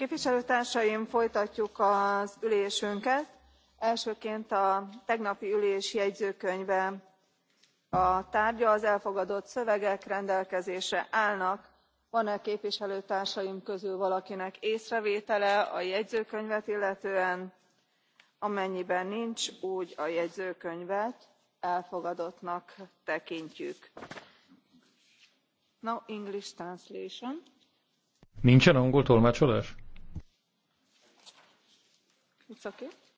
képviselőtársaim folytatjuk az ülésünket elsőként a tegnapi ülés jegyzőkönyve a tárgya az elfogadott szövegek rendelkezésre állnak. van e képviselőtársaim közül valakinek észrevétele a jegyzőkönyvet illetően? amennyiben nincs úgy a jegyzőkönyvet elfogadottnak tekintjük. No English translation. Nincsen angol tolmácsolás? it's okay.